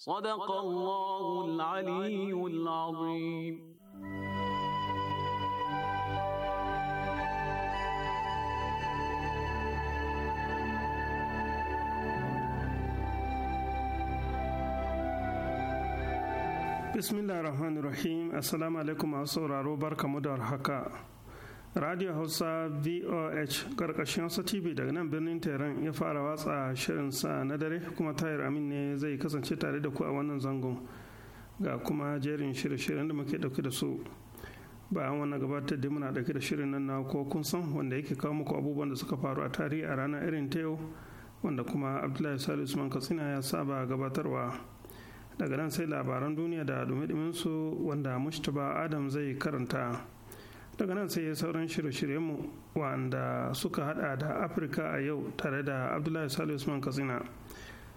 صدق الله العلي العظيم بسم الله الرحمن الرحيم السلام عليكم اصور اروبر كمدر حقا radio hausa voh karkashin hausa tv daga nan birnin tehran ya fara watsa shirin sa na dare kuma tayar amin ne zai kasance tare da ku a wannan zangon ga kuma jerin shirye-shiryen da muke dauke da su bayan wannan gabatar da muna dauke da shirin nan na ko kun san wanda yake kawo muku abubuwan da suka faru a tarihi a ranar irin ta yau wanda kuma abdullahi salisu usman katsina ya saba gabatarwa daga nan sai labaran duniya da dumi su wanda mustapha adam zai karanta daga nan sai sauran shirye-shiryenmu wanda suka hada da afirka a yau tare da abdullahi salisu usman katsina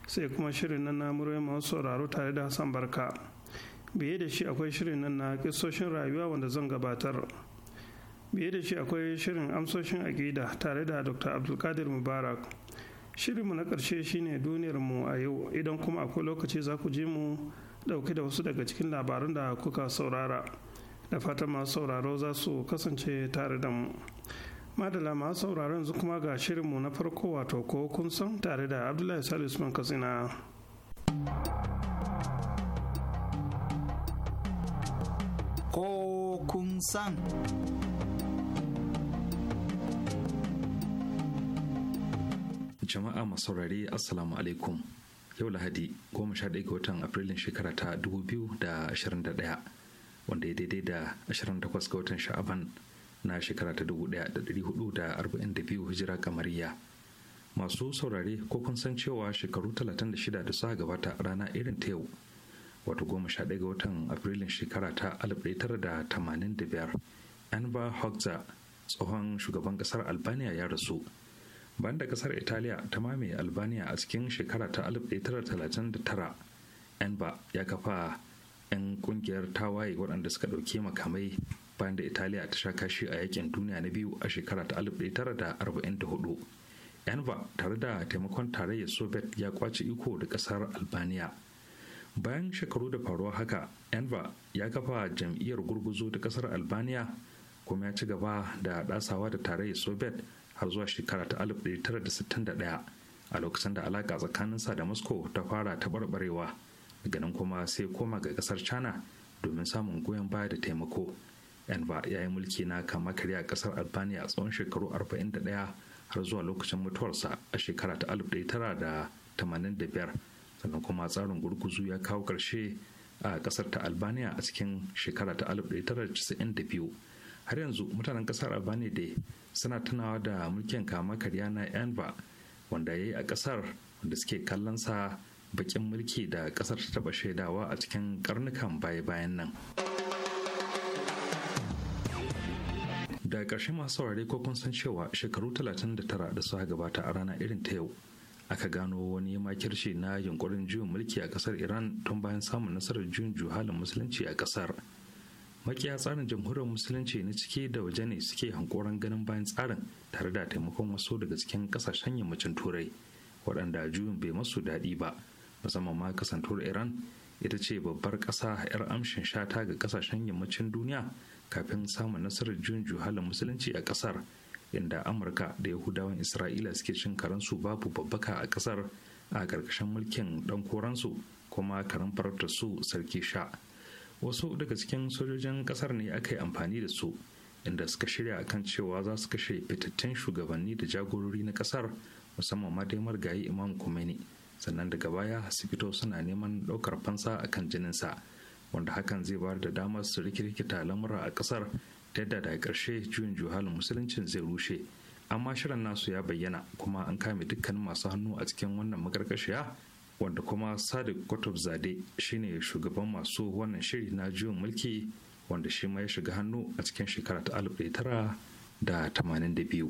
sai kuma shirin nan na muryoyin masu sauraro tare da hassan barka biye da shi akwai shirin nan na kisoshin rayuwa wanda zan gabatar biye da shi akwai shirin amsoshin aƙida tare da dr abdulkadir mubarak shirinmu na ƙarshe shine mu a yau idan kuma akwai lokaci za ku ji mu ɗauke da wasu daga cikin labarun da kuka saurara. da fatan masu sauraro za su kasance tare da mu madala masu sauraro yanzu kuma ga shirinmu na farko wato ko kun san tare da abdullahi salisu man katsina ko kun san jama'a masu saurari assalamu alaikum yau lahadi 11 ga watan afrilun shekara ta 2021 wanda ya daidai da 28 ga watan sha'aban na shekara ta 1442 hijira kamariya masu saurare ko kun san cewa shekaru 36 da suka gabata rana irin ta yau wato 11 ga watan afrilun shekara ta 1985 anba hogza tsohon shugaban kasar albania ya rasu Ban da kasar italiya ta mamaye albania a cikin shekara ta 1939 anba ya kafa 'yan kungiyar tawaye waɗanda suka ɗauki makamai bayan da italiya ta sha kashi a yakin duniya na biyu a shekara ta 1944 yanva tare da taimakon tarayyar soviet ya kwace iko da ƙasar albania bayan shekaru da faruwa haka yanva ya kafa jam'iyyar gurguzo ta ƙasar albania kuma ya ci gaba da dasawa da tarayyar soviet har zuwa shekara ta 1961 a lokacin da alaka tsakaninsa da moscow ta fara taɓarɓarewa daga nan kuma sai koma ga kasar china domin samun goyon baya da taimako enver ya yi mulki na kama karya a kasar albania tsawon shekaru 41 har zuwa lokacin mutuwarsa a shekara ta 1985 sannan kuma tsarin gurguzu ya kawo ƙarshe a kasar ta albania a cikin shekara ta 1992 har yanzu mutanen kasar albania dai suna tunawa da mulkin kama karya na enver wanda ya yi a kasar wanda suke kallon sa bakin mulki da kasar ta taba shaidawa a cikin karnukan baya-bayan nan da ƙarshe masu saurari ko kun san cewa shekaru 39 da suka gabata a rana irin ta yau aka gano wani makirci na yunkurin juyin mulki a kasar iran tun bayan samun nasarar juyin juhalin musulunci a kasar makiya tsarin jamhuriyar musulunci na cike da waje ne suke hankoran ganin bayan tsarin tare da taimakon wasu daga cikin ƙasashen yammacin turai waɗanda juyin bai masu daɗi ba musamman ma kasantuwar iran ita ce babbar ƙasa 'yar amshin shata ga kasashen yammacin duniya kafin samun nasarar juyin juhalin musulunci a ƙasar inda amurka da yahudawan isra'ila suke cin karansu babu babbaka a ƙasar a ƙarƙashin mulkin ɗan koransu kuma karan su sarki sha wasu daga cikin sojojin ƙasar ne aka yi amfani da su inda suka shirya akan cewa za su kashe fitattun shugabanni da jagorori na ƙasar musamman ma dai margayi imam Khomeini sannan daga baya su suna neman ɗaukar fansa a kan jininsa wanda hakan zai bayar da damar su rikirkita lamura a ƙasar ta yadda daga ƙarshe juyin juhalin musuluncin zai rushe amma shirin nasu ya bayyana kuma an kame dukkanin masu hannu a cikin wannan makarkashiya wanda kuma sadiq kutub zade shine shugaban masu wannan shiri na juyin mulki wanda shi ma ya shiga hannu a cikin shekara ta da 1982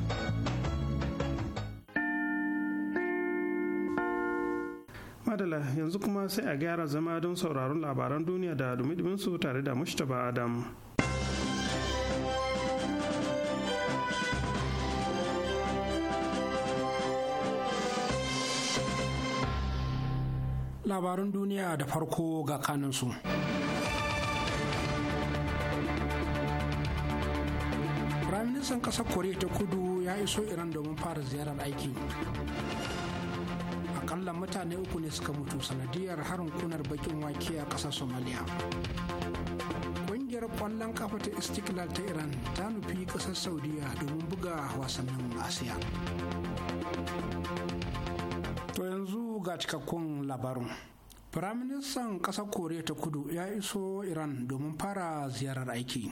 madala yanzu kuma sai a gyara zama don sauraron labaran duniya da dumi su tare da Mustapha Adam. Labaran duniya da farko ga kanunsu. Firaministan ƙasar Koriya ta Kudu ya iso Iran domin fara ziyarar aiki. mutane uku ne suka mutu sanadiyar harin kunar bakin wake a ƙasar somaliya ƙungiyar ƙwallon kafa ta istiklal ta iran ta nufi ƙasar saudiya domin buga wasannin asiya to yanzu ga cikakkun labarun, firaministan ƙasar koriya ta kudu ya iso iran domin fara ziyarar aiki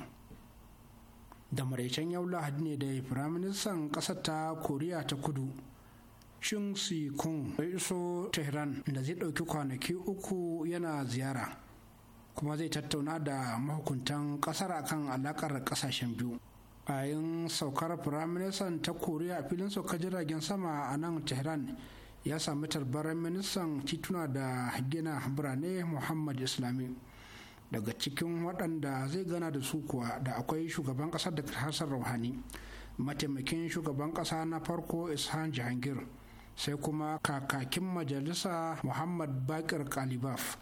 da maraicen yau lahadi ne da firaministan ƙasar ta koriya ta kudu Shin Si Kung iso Tehran da zai ɗauki kwanaki uku yana ziyara kuma zai tattauna da mahukuntan ƙasar akan alakar ƙasashen biyu. Bayan saukar firaministan ta Koriya a filin sauka jiragen sama a nan Tehran ya sami tarbaran ministan tituna da gina birane Muhammad Islami. Daga cikin waɗanda zai gana da su kuwa da akwai shugaban ƙasar da Hassan Rouhani. mataimakin shugaban ƙasa na farko ishan jahangir sai kuma kakakin majalisa muhammad bakir kalibaf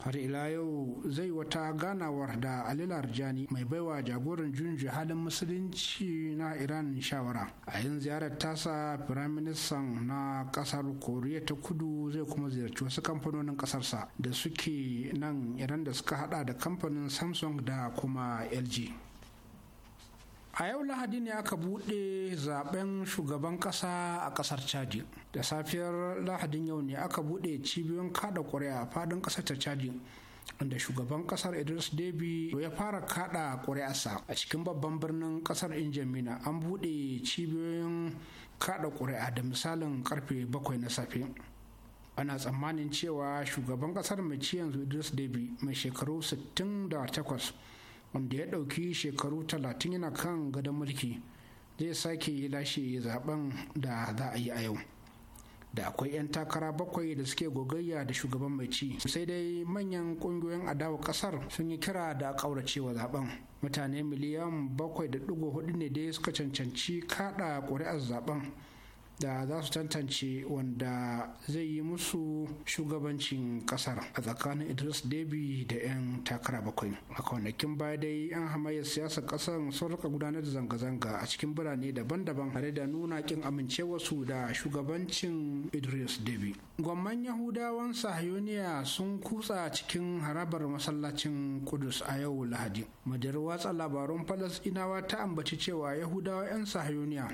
har ila yau zai wata ganawar da Ali Larjani mai baiwa jagoran junji halin musulunci na Iran shawara. A yin ziyarar tasa firaministan na kasar Koriya ta kudu zai kuma ziyarci wasu kamfanonin kasarsa da suke nan Iran da suka hada da kamfanin Samsung da kuma LG. A yau Lahadi ne aka buɗe zaben shugaban ƙasa a ƙasar Chadi. da safiyar lahadin yau ne aka buɗe cibiyoyin kada ƙuri'a a faɗin ƙasar ta inda shugaban ƙasar idris debi ya fara kada ƙuri'arsa a cikin babban birnin ƙasar injamina an buɗe cibiyoyin kada ƙuri'a da misalin karfe bakwai na safe ana tsammanin cewa shugaban ƙasar mai ci yanzu idris debi mai shekaru 68 wanda ya ɗauki shekaru 30 yana kan gadon mulki zai sake lashe zaben da za a yi a yau da akwai 'yan takara bakwai da suke gogayya da shugaban mai ci sai dai manyan kungiyoyin adawa kasar sun yi kira da kauracewa zaben mutane miliyan bakwai da hudu ne dai suka cancanci kada ƙuri'ar zaben da za su tantance wanda zai yi musu shugabancin kasar a tsakanin idris debi da 'yan takara bakwai a kwanakin baya dai 'yan hamayyar siyasar kasar sun rika gudanar da zanga-zanga a cikin birane daban-daban tare da nuna kin amincewarsu da shugabancin idris debi gwamman yahudawan sahayoniya sun kutsa cikin harabar masallacin kudus a yau lahadi madar watsa labarun falasɗinawa ta ambaci cewa yahudawa 'yan sahayoniya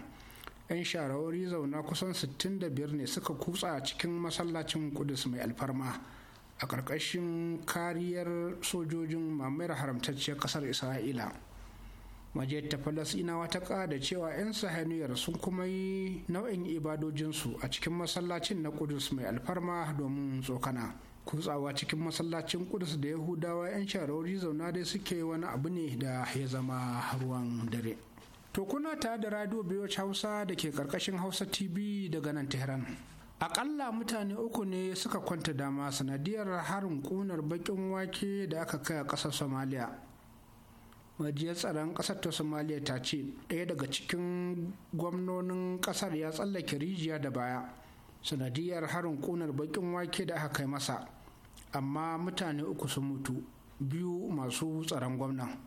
'yan sharawari zauna kusan 65 ne suka kutsa cikin masallacin kudus mai alfarma a ƙarƙashin kariyar sojojin mamayar haramtacciyar ƙasar isra'ila majiyar ta falasinawa ta ƙada cewa 'yan sahaniyar sun kuma yi nau'in ibadojinsu a cikin masallacin na kudus mai alfarma domin tsokana kutsawa cikin masallacin kudus da yahudawa 'yan sharawari zauna dai suke wani abu ne da ya zama ruwan dare. To kuna ta da radio Biyoc Hausa da ke karkashin Hausa TV daga nan Tehran. Akalla mutane uku ne suka kwanta dama sanadiyar harin kunar bakin wake da aka kai a ƙasar Somalia. Majiyar tsaron ƙasar ta Somalia ta ce ɗaya daga cikin gwamnonin ƙasar ya tsallake rijiya da baya sanadiyar harin kunar bakin wake da aka kai masa. Amma mutane uku sun mutu biyu masu tsaron gwamnan.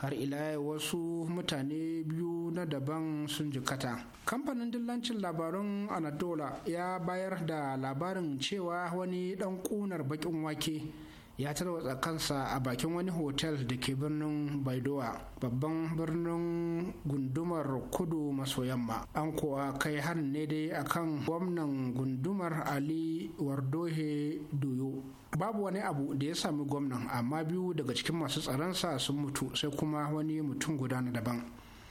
har ila wasu mutane biyu na daban sun jikata kamfanin dillancin labarun anadola ya bayar da labarin cewa wani dan kunar bakin wake ya tarwatsa kansa a bakin wani hotel da ke birnin baidowa babban birnin gundumar kudu maso yamma an kuwa kai har ne dai akan gwamnan gundumar ali wardohe doyo babu wani abu da ya sami gwamnan amma biyu daga cikin masu tsaronsa sun mutu sai kuma wani mutum guda na daban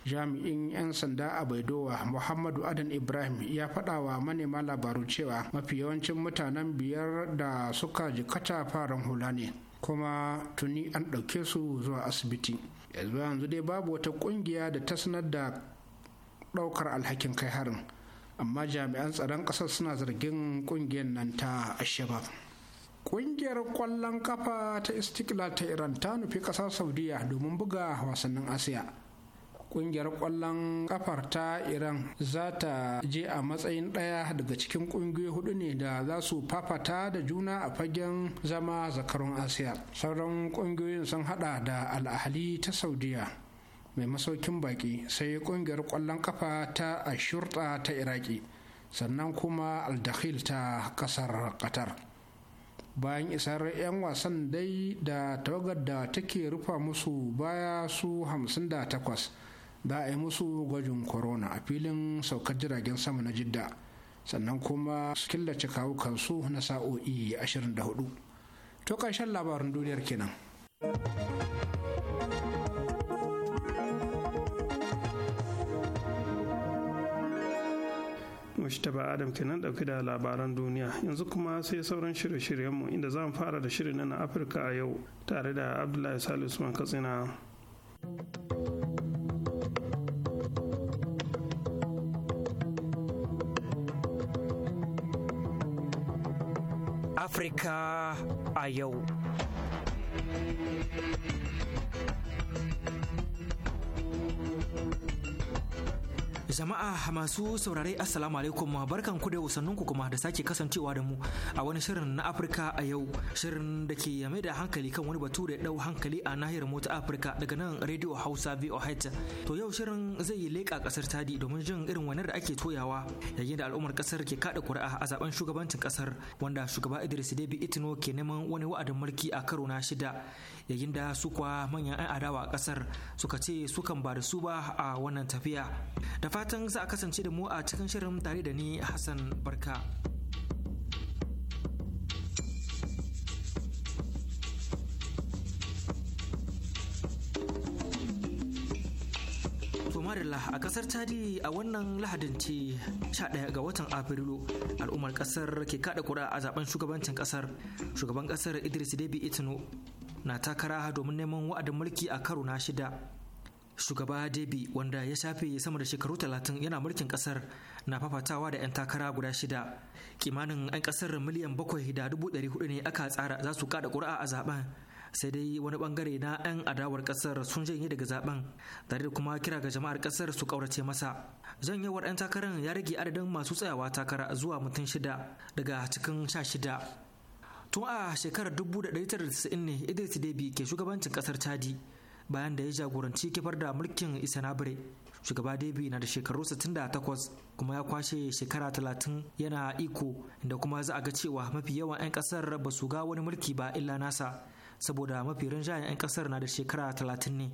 jami'in 'yan sanda a baidowa muhammadu adan ibrahim ya faɗa wa manema labaru cewa mafi yawancin mutanen biyar da suka jikata farin hula ne kuma tuni an ɗauke su zuwa asibiti yanzu yanzu dai babu wata ƙungiya da ta sanar da ɗaukar alhakin kai harin amma jami'an tsaron ƙasar suna zargin ƙungiyar nan ta ashabab Ƙungiyar ƙwallon kafa ta Istiklal ta Iran ta nufi ƙasar Saudiya domin buga wasannin Asiya. kungiyar kwallon kafar ta iran za ta je a matsayin ɗaya daga cikin kungiyoyi hudu ne da za su fafata da juna a fagen zama zakarun asiya sauran kungiyoyin sun hada da al'ahali ta saudiya mai masaukin baki sai kungiyar kwallon kafa ta ashurta ta iraki sannan kuma aldahil ta kasar qatar bayan isar 'yan wasan dai da tawagar da take rufa musu baya su 58 da a yi musu gwajin corona a filin saukar jiragen sama na jidda sannan kuma su killace kawukansu kansu na sa'o'i 24 to ƙarshen labarin duniyar kenan taba Adam kenan dauke da labaran duniya yanzu kuma sai sauran shirye-shiryenmu inda za mu fara da shirin na Afirka a yau tare da Abdullahi Salisu man Katsina. Afirka a yau. Jama'a masu saurare Assalamu alaikum barkan ku da ku kuma da sake kasancewa da mu a wani shirin na Afirka a yau shirin da ke mai da hankali kan wani batu da ya dau hankali a nahiyar mota Afirka daga nan Radio Hausa VOH. To yau shirin zai yi leƙa kasar Tadi domin jin irin wani da ake toyawa yayin da al'ummar kasar ke kada kuri'a a zaben shugabancin kasar wanda shugaba Idris Deby Itno ke neman wani wa'adin mulki a karo na shida yayin da su kwa manyan 'yan adawa a kasar suka ce sukan ba da su ba a wannan tafiya da fatan za a kasance da mu a cikin shirin tare da ni hassan barka Marilla a kasar Chadi a wannan Lahadin ce 11 ga watan Afrilu al'ummar kasar ke kada kura a zaben shugabancin kasar. Shugaban kasar Idris debi Itno na takara domin neman wa'adin mulki a karo na shida. Shugaba debi wanda ya shafe sama da shekaru talatin yana mulkin kasar na fafatawa da 'yan takara guda shida. Kimanin 'yan kasar miliyan bakwai da dubu ɗari ne aka tsara za su kada kura a zaben. sai dai wani bangare na 'yan adawar kasar sun janye daga zaben tare da kuma kira ga jama'ar kasar su kaurace masa janyewar 'yan takarar ya rage adadin masu tsayawa takara zuwa mutum shida daga cikin sha shida tun a shekarar 1990 ne idris debi ke shugabancin kasar chadi bayan da ya jagoranci kifar da mulkin isanabre shugaba debi na da shekaru 68 kuma ya kwashe shekara talatin yana iko inda kuma za a ga cewa mafi yawan 'yan kasar ba su ga wani mulki ba illa nasa saboda mafi rinjayen 'yan kasar na da shekara talatin ne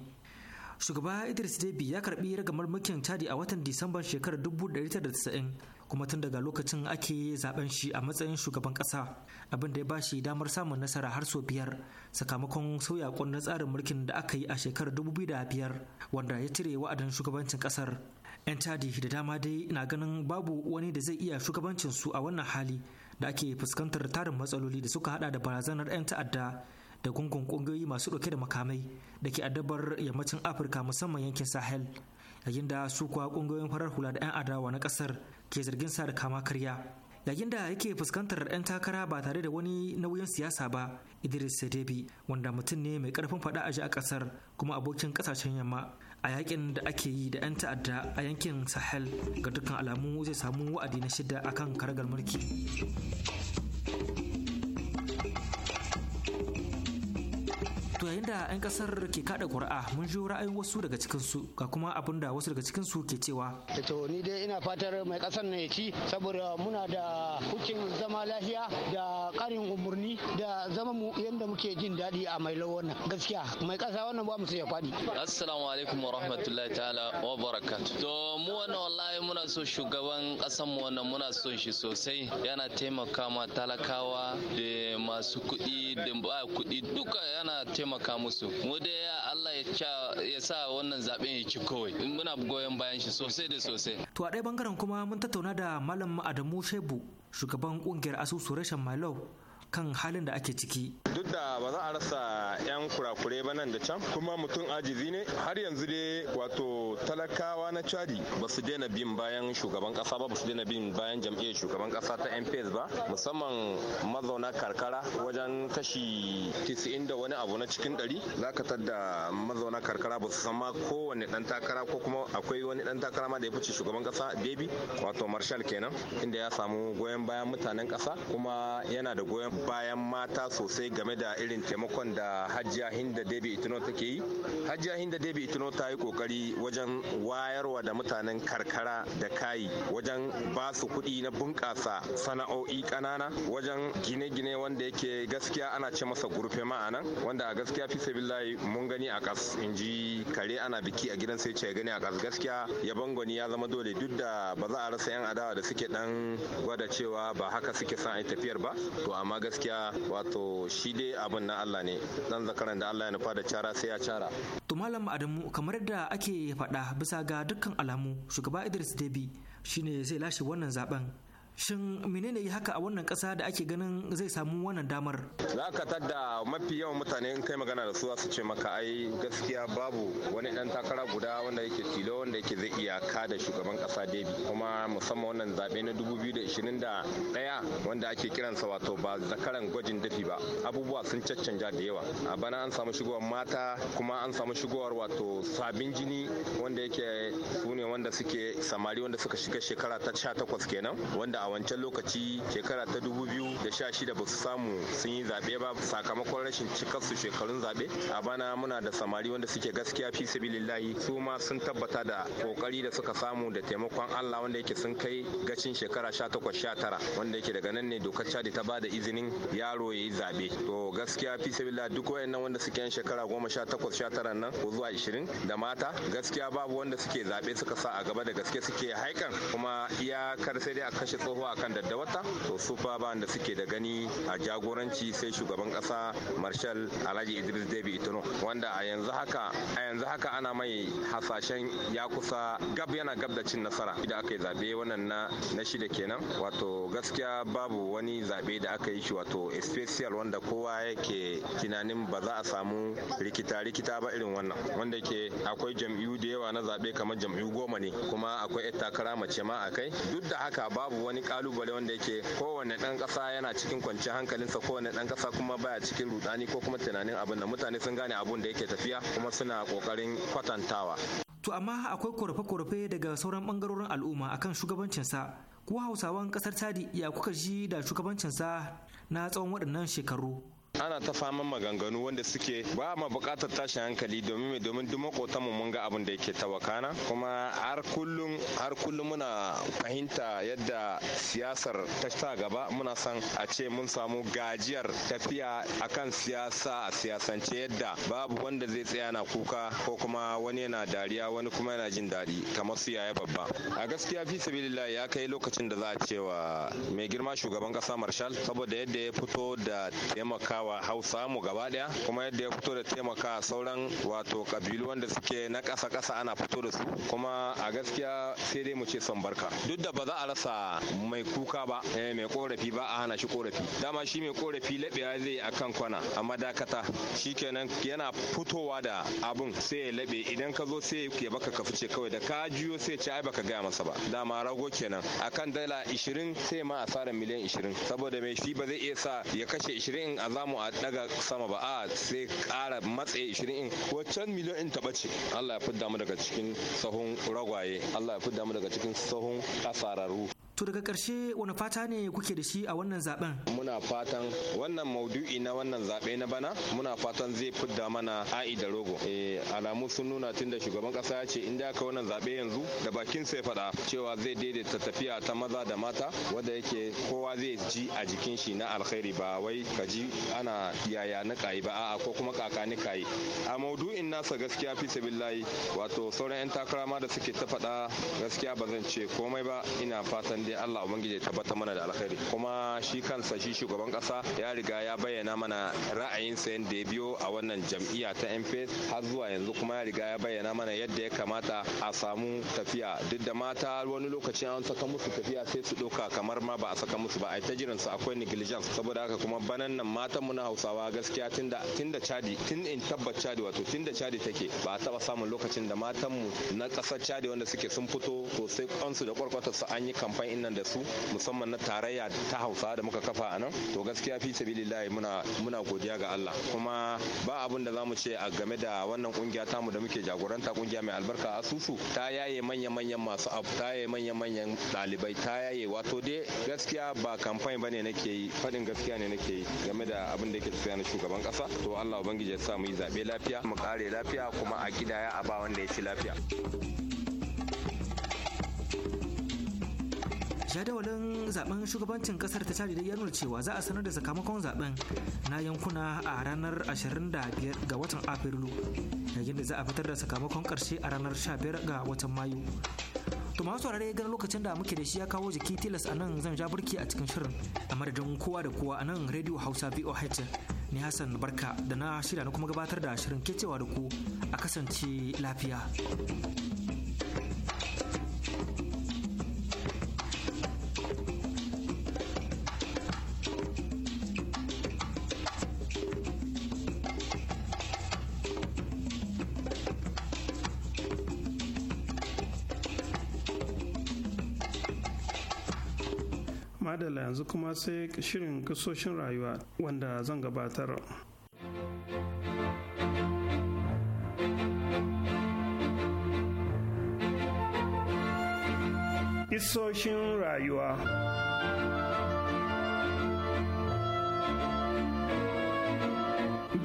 shugaba idris debi ya karbi ragamar mulkin chadi a watan disamban shekarar 1990 kuma tun daga lokacin ake zaben shi a matsayin shugaban kasa abin da ya ba shi damar samun nasara har sau biyar sakamakon sauya na tsarin mulkin da aka yi a shekarar 2005 wanda ya cire wa'adin shugabancin kasar 'yan chadi da dama dai na ganin babu wani da zai iya shugabancin su a wannan hali da ake fuskantar tarin matsaloli da suka hada da barazanar 'yan ta'adda da gungun kungiyoyi masu dauke da makamai da ke addabar yammacin afirka musamman yankin sahel yayin da su kuwa kungiyoyin farar hula da 'yan adawa na kasar ke zargin sa da kama karya yayin da yake fuskantar 'yan takara ba tare da wani nauyin siyasa ba idris sadebi wanda mutum ne mai karfin fada a a kasar kuma abokin kasashen yamma a yakin da ake yi da 'yan ta'adda a yankin sahel ga dukkan alamu zai samu wa'adi na shida akan karagar mulki To yayin da 'yan kasar ke kada ƙuri'a mun ji ra'ayin wasu daga cikinsu ga kuma abin da wasu daga cikinsu ke cewa. Eh, to ni dai ina fatar mai kasar na ya ci saboda muna da hukin zama lafiya da ƙarin umarni da zama mu yadda muke jin daɗi a mai wannan gaskiya mai ƙasa wannan ba mu sai ya faɗi. Assalamu alaikum wa rahmatullahi ta'ala wa barakatu. To mu wannan wallahi muna so shugaban ƙasar mu wannan muna so shi sosai yana taimaka ma talakawa da masu kuɗi da ba kuɗi duka yana taimaka taimaka musu mu da Allah ya sa wannan zaben ya ci kawai muna goyon bayan shi sosai da sosai to a ɗaya bangaren kuma mun tattauna da malam Adamu Shebu shugaban kungiyar asusu reshen Malau kan halin da ake ciki duk da ba za a rasa 'yan kurakure ba nan da can kuma mutum ajizi ne har yanzu dai wato talakawa na cadi ba su daina bin bayan shugaban kasa ba ba su daina bin bayan jam'iyyar shugaban kasa ta mps ba musamman mazauna karkara wajen kashi 90 da wani abu na cikin 100 za ka tadda mazauna karkara ba su san ma kowane dan takara ko kuma akwai wani dan takara ma da ya fice shugaban kasa debi wato marshal kenan inda ya samu goyon bayan mutanen kasa kuma yana da goyon bayan mata sosai game da irin taimakon da hajiya hinda debi itino take yi hajiya hinda debi itino ta yi kokari wajen wayarwa da mutanen karkara da kayi wajen ba su kuɗi na bunƙasa sana'o'i ƙanana wajen gine-gine wanda yake gaskiya ana ce masa gurfe ma'anan wanda a gaskiya fi sabillahi mun gani a kas in ji kare ana biki a gidan sai ce gani a kas gaskiya yabon gwani ya zama dole duk da ba za a rasa yan adawa da suke dan gwada cewa ba haka suke son a yi tafiyar ba to amma gaskiya wato shi dai abin na Allah ne dan zakaran da Allah ya nufa da cara sai ya cara to malam Adamu kamar da ake faɗa bisa ga dukkan alamu shugaba Idris Debi shine zai lashe wannan zaben Shin menene yi haka a wannan kasa da ake ganin zai samu wannan damar? Za ka tadda mafi yawan mutane in kai magana da su su ce maka ai gaskiya babu wani ɗan takara guda wanda yake tilo wanda yake zai iya da shugaban kasa Debi kuma musamman wannan zaɓe na 2021 wanda ake kiransa wato ba zakaran gwajin dafi ba abubuwa sun caccanja da yawa a bana an samu shigowar mata kuma an samu shigowar wato sabin jini wanda yake su wanda suke samari wanda suka shiga shekara ta 18 kenan wanda a wancan lokaci shekara ta dubu biyu da sha shida ba su samu sun yi zaɓe ba sakamakon rashin cikarsu shekarun zaɓe a bana muna da samari wanda suke gaskiya fi sabilillahi su ma sun tabbata da kokari da suka samu da taimakon Allah wanda yake sun kai gacin shekara sha takwas sha tara wanda yake daga nan ne dokar cadi ta bada izinin yaro ya yi zaɓe to gaskiya fi sabilillahi duk wayannan wanda suke yan shekara goma sha takwas sha tara nan ko zuwa ishirin da mata gaskiya babu wanda suke zaɓe suka sa a gaba da gaske suke haikan kuma iyakar sai dai a kashe tsohon a akan daddawata to su fa ba da suke da gani a jagoranci sai shugaban kasa marshal alhaji idris debi itono wanda a yanzu haka a yanzu haka ana mai hasashen ya kusa gab yana gab da cin nasara idan aka yi zabe wannan na na shida kenan wato gaskiya babu wani zabe da aka yi shi wato special wanda kowa yake tunanin ba za a samu rikita rikita ba irin wannan wanda ke akwai jam'iyyu da yawa na zabe kamar jam'iyyu goma ne kuma akwai 'yan takara mace ma a kai duk da haka babu wani kalubale wanda yake kowane dan kasa yana cikin kwanciyar hankalinsa kowane dan kasa kuma baya cikin rudani ko kuma tunanin abin da mutane sun gane abin da yake tafiya kuma suna kokarin kwatantawa to amma akwai korafe-korafe daga sauran bangarorin al'umma akan shugabancinsa ko hausawan kasar tadi ya kuka ji da shugabancinsa na tsawon waɗannan shekaru ana ta faman maganganu wanda suke ba ma buƙatar tashin hankali domin mai domin duk mun ga abin da yake tawakana kuma har kullum har kullum muna fahimta yadda siyasar ta ta gaba muna san a ce mun samu gajiyar tafiya akan siyasa a siyasance yadda babu wanda zai tsaya na kuka ko kuma wani yana dariya wani kuma yana jin daɗi kamar su yaya babba a gaskiya fi sabilillah ya kai lokacin da za a cewa mai girma shugaban kasa marshal saboda yadda ya fito da taimaka wa hausa mu gaba daya kuma yadda ya fito da taimaka sauran wato kabilu wanda suke na ƙasa ƙasa ana fito da su kuma a gaskiya sai dai mu ce son barka duk da ba za a rasa mai kuka ba eh, mai korafi ba a hana shi korafi dama shi mai korafi laɓewa zai akan kwana a dakata shikenan yana fitowa da abun sai ya labe idan ka zo sai ya baka ka fice kawai da ka juyo sai ce ai baka gaya masa ba dama rago kenan akan dala 20 sai ma asarar miliyan 20 saboda mai shi ba zai iya sa ya kashe 20 in a zamu samu a daga sama ba a sai ƙara matse 20 in waccan miliyon in taɓa ce Allah ya fidda mu daga cikin sahun ragwaye Allah ya fidda mu daga cikin sahun kasararru To daga ƙarshe wani fata ne kuke da shi a wannan zaben? Muna fatan wannan maudu'i na wannan zaɓe na bana muna fatan zai fidda mana a'i da rogo. Eh, alamu sun nuna tun da shugaban ƙasa ya ce in da aka wannan zaɓe yanzu da bakin sai faɗa cewa zai daidaita tafiya ta maza da mata wanda yake kowa zai ji a jikin shi na alkhairi ba wai ka ji ana yaya na kayi ba a'a ko kuma kaka ni kayi. A maudu'in nasa gaskiya fi sabillahi wato sauran 'yan takara ma da suke ta faɗa gaskiya ba zan ce komai ba ina fatan fatan dai Allah ubangiji ya tabbatar mana da alkhairi kuma shi kansa shi shugaban kasa ya riga ya bayyana mana ra'ayinsa yadda ya biyo a wannan jam'iyya ta MPS har zuwa yanzu kuma ya riga ya bayyana mana yadda ya kamata a samu tafiya duk da mata wani lokaci an saka musu tafiya sai su ɗauka kamar ma ba a saka musu ba a ta jiran su akwai negligence saboda haka kuma banan nan matan mu na Hausawa gaskiya tunda tunda Chadi tun in tabbata Chadi wato tunda Chadi take ba a taba samun lokacin da matan mu na kasar Chadi wanda suke sun fito to sai kansu da kwarkwatar su an yi campaign in nan da su musamman na tarayya ta hausa da muka kafa a nan to gaskiya fi sabilillahi muna muna godiya ga Allah kuma ba abin da za mu ce a game da wannan kungiya mu da muke jagoranta kungiya mai albarka asusu ta yaye manya manyan masu abu ta yaye manya manyan dalibai ta yaye wato dai gaskiya ba kamfani na nake yi faɗin gaskiya ne nake yi game da abin da yake tafiya na shugaban kasa to Allah ubangiji ya sa mu yi zaɓe lafiya mu kare lafiya kuma a gidaya a ba wanda ya ci lafiya jadawalin zaben shugabancin kasar ta cari ya nuna cewa za a sanar da sakamakon zaben na yankuna a ranar 25 ga watan afrilu yayin da za a fitar da sakamakon karshe a ranar 15 ga watan mayu to masu saurare ganin lokacin da muke da shi ya kawo jiki tilas a nan zan ja burki a cikin shirin a madadin kowa da kowa a nan radio hausa voh ni hassan barka da na shirya na kuma gabatar da shirin ke cewa da ku a kasance lafiya yanzu kuma sai shirin kasoshin rayuwa wanda zan gabatar. Isoshin rayuwa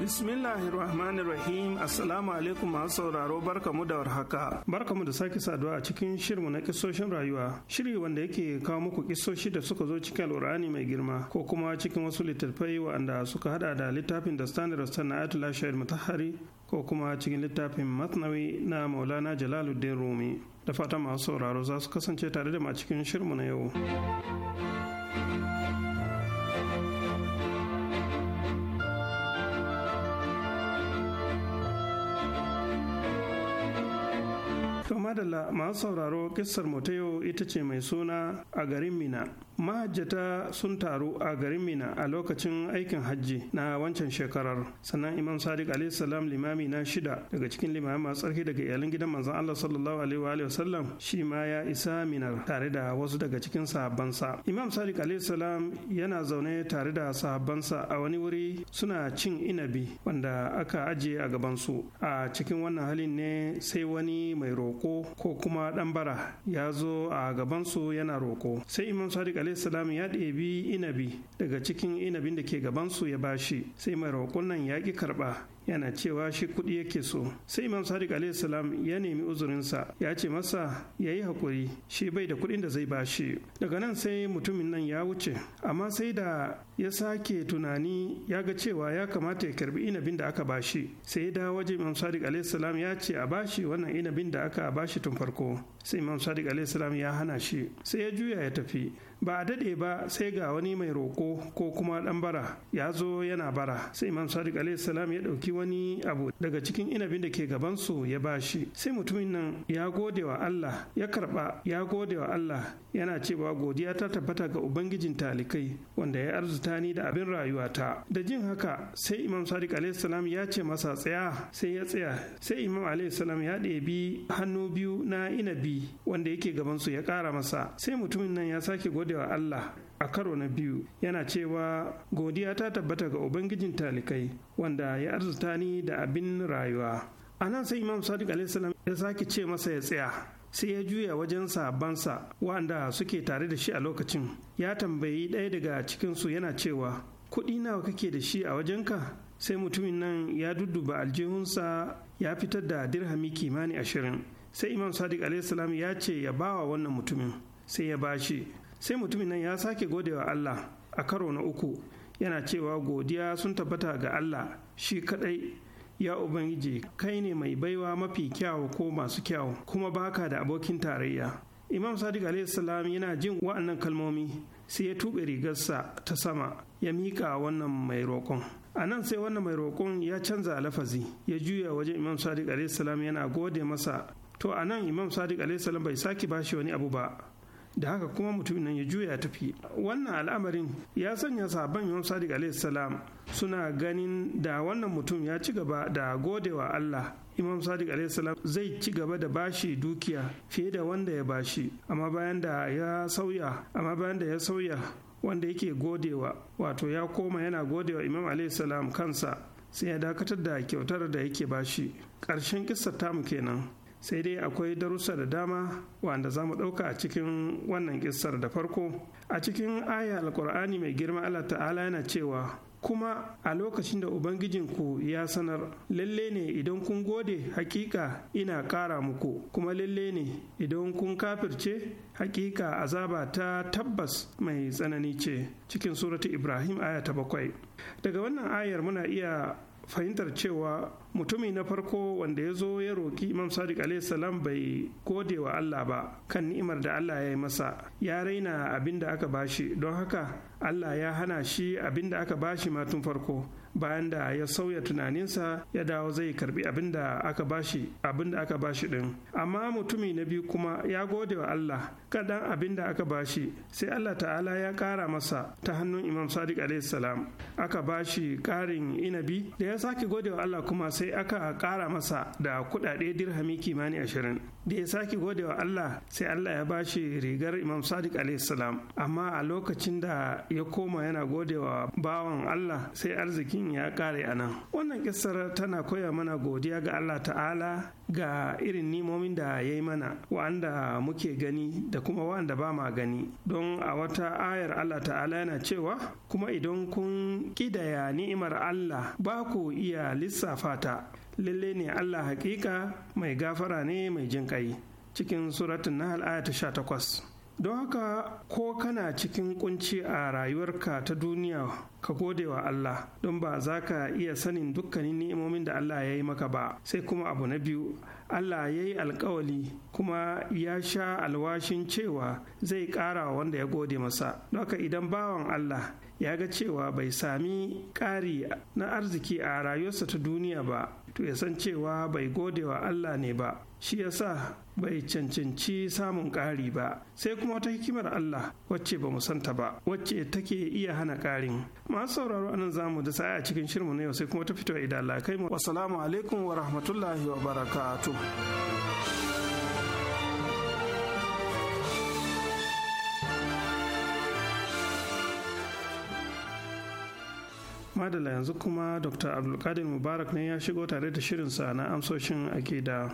Bismillahirrahmanirrahim Assalamu alaikum masu sauraro barkamu da warhaka. Barkamu da sake saduwa a cikin shirmu na kisoshin rayuwa. Shiri wanda yake kawo muku kisoshi da suka zo cikin alurani mai girma ko kuma cikin wasu littattafai wanda suka hada da littafin da standard of na Ayatollah Shahid Mutahari ko kuma cikin littafin Matnawi na Maulana Jalaluddin Rumi. Da fata masu sauraro za su kasance tare da ma cikin shirmu na yau. dietro ecco. madalla masu sauraro kissar mu yau ita ce mai suna a garin mina mahajjata sun taru a garin mina a lokacin aikin hajji na wancan shekarar sannan imam sadiq alaihi salam limami na shida daga cikin limami masu tsarki daga iyalin gidan manzon allah sallallahu alaihi wa sallam shi ma ya isa minar tare da wasu daga cikin sahabbansa imam sadiq alaihi salam yana zaune tare da sahabbansa a wani wuri suna cin inabi wanda aka ajiye a gabansu a cikin wannan halin ne sai wani mai roko ko kuma ɗan bara ya zo a gabansu yana roko sai imam sadiq alaihissalam ya ɗebi inabi daga cikin inabin da ke gabansu ya bashi sai mai roƙon nan ya ƙi karɓa yana cewa shi kuɗi yake so sai imam sadiq alaihi salam ya nemi uzurinsa ya ce masa ya yi haƙuri shi bai da kuɗin da zai bashi. daga nan sai mutumin nan ya wuce amma sai da ya sake tunani ya ga cewa ya kamata ya karbi inabin da aka bashi sai da waje wajen imam sadiq alaihi salam ya ce a bashi wannan inabin da aka bashi tun farko sai imam sadiq alaihi salam ya hana shi sai ya juya ya tafi ba a daɗe ba sai ga wani mai roko ko kuma ɗan bara ya zo yana bara sai imam sadiq salam ya ɗauki wani abu daga cikin inabin da ke gabansu ya bashi sai mutumin nan ya gode wa allah ya karɓa ya gode wa allah yana cewa godiya ta tabbata ga ubangijin talikai wanda ya arzuta ni da abin rayuwata da jin haka sai imam sadiq salam ya ce masa tsaya sai ya tsaya sai imam salam ya ɗebi hannu biyu na inabi wanda yake gabansu ya ƙara masa sai mutumin nan ya sake gode godewa Allah a karo na biyu yana cewa godiya ta tabbata ga ubangijin talikai wanda ya arzuta ni da abin rayuwa a nan sai imam sadiq alaihissalam ya sake ce masa ya tsaya sai ya juya wajen sabansa wanda suke tare da shi a lokacin ya tambayi ɗaya daga cikinsu yana cewa kuɗi nawa kake da shi a wajenka sai mutumin nan ya dudduba aljihunsa ya fitar da dirhami kimani ashirin sai imam sadiq alaihissalam ya ce ya bawa wannan mutumin sai ya bashi sai mutumin nan ya sake godewa Allah a karo na uku yana cewa godiya sun tabbata ga Allah shi kadai ya ubangiji kai ne mai baiwa mafi kyawu ko masu kyawu kuma baka da abokin tarayya imam sadiq salam yana jin wa'annan kalmomi sai ya tuɓe rigarsa ta sama ya miƙa wannan mai roƙon a nan sai wannan mai roƙon ya canza lafazi ya juya wajen imam sadiq salam yana gode masa to a nan imam sadiq salam bai sake bashi wani abu ba da haka kuma mutumin nan ya juya tafi wannan al'amarin ya sanya sabon yawan sadiq alaihissalam suna ganin da wannan mutum ya ci gaba da godewa allah imam sadiq alaihissalam zai ci gaba da bashi dukiya fiye da wanda ya bashi amma bayan da ya sauya amma bayan da ya sauya wanda yake godewa wato ya koma yana godewa imam alaihissalam kansa sai ya dakatar da kyautar da yake bashi ƙarshen kisa tamu kenan sai dai akwai darussa da dama wanda za mu ɗauka a cikin wannan kissar da farko a cikin aya alkur'ani mai girma allah ta'ala yana cewa kuma a lokacin da ubangijinku ya sanar lalle ne idan kun gode hakika ina ƙara muku kuma lalle ne idan kun kafirce hakika azaba ta tabbas mai tsanani ce cikin suratu ibrahim aya ta bakwai daga wannan ayar muna iya fahimtar cewa mutumi na farko wanda ya zo ya roƙi imam sadiq salam bai gode wa allah ba kan ni'imar da allah ya yi masa ya raina abin da aka bashi don haka allah ya hana shi abin da aka bashi ma tun farko bayan da ya sauya tunaninsa ya dawo zai karbi abin da aka bashi abin da aka bashi din amma mutumi na biyu kuma ya gode wa Allah kadan abin da aka bashi sai Allah ta'ala ya kara masa ta hannun Imam Sadiq alayhi salam aka bashi karin inabi da ya sake gode wa Allah kuma sai aka kara masa da kudade dirhami kimani ashirin da ya sake gode wa Allah sai Allah ya bashi rigar Imam Sadiq alayhi salam amma a lokacin da ya koma yana gode wa bawan Allah sai arziki yin ya kare a nan wannan kisar tana koya mana godiya ga allah ta'ala ga irin nimomin da ya yi mana wa'anda muke gani da kuma wa'anda ba ma gani don a wata ayar allah ta'ala yana cewa kuma idan kun kidaya ni'imar allah ba ku iya lissafa ta lalle ne allah hakika mai gafara ne mai jin cikin suratun nahal aya ta 18 don haka ko kana cikin kunci a rayuwarka ta duniya ka gode wa Allah don ba za ka iya sanin dukkanin ni'imomin da Allah ya yi maka ba sai kuma abu na biyu Allah ya yi alkawali kuma ya sha alwashin cewa zai ƙara wanda ya gode masa don haka idan bawan Allah ya ga cewa bai sami ƙari na arziki a rayuwarsa ta duniya ba to ya san cewa bai gode wa Allah ne ba shi yasa bai cancanci samun ƙari ba sai kuma wata hikimar Allah wacce ba santa ba wacce take iya hana ƙarin masu sauraro anan zamu da sa'a cikin shirmu na yau sai kuma ta fito idan Allah kai mu wassalamu alaikum wa rahmatullahi wa barakatuh madala yanzu kuma dr abdulkadir mubarak ne ya shigo tare da shirinsa na amsoshin akida.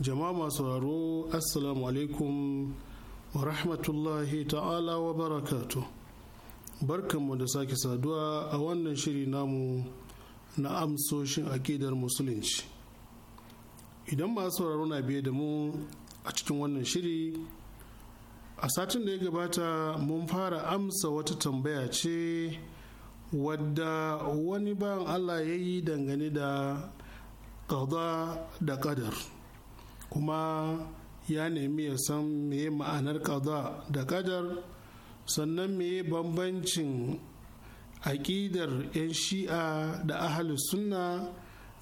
jama'a masu sauraro assalamu alaikum wa rahmatullahi ta'ala wa barakatu barkanmu da sake saduwa a wannan shiri namu na amsoshin akidar musulunci idan masu sauraro na biye da mu a cikin wannan shiri a satin da ya gabata mun fara amsa wata tambaya ce wadda wani bayan allah ya yi dangane da ƙaza da ƙadar kuma ya nemi ya san meye ma'anar kaza da kadar sannan meye bambancin aƙidar 'yan shi'a da ahalus sunna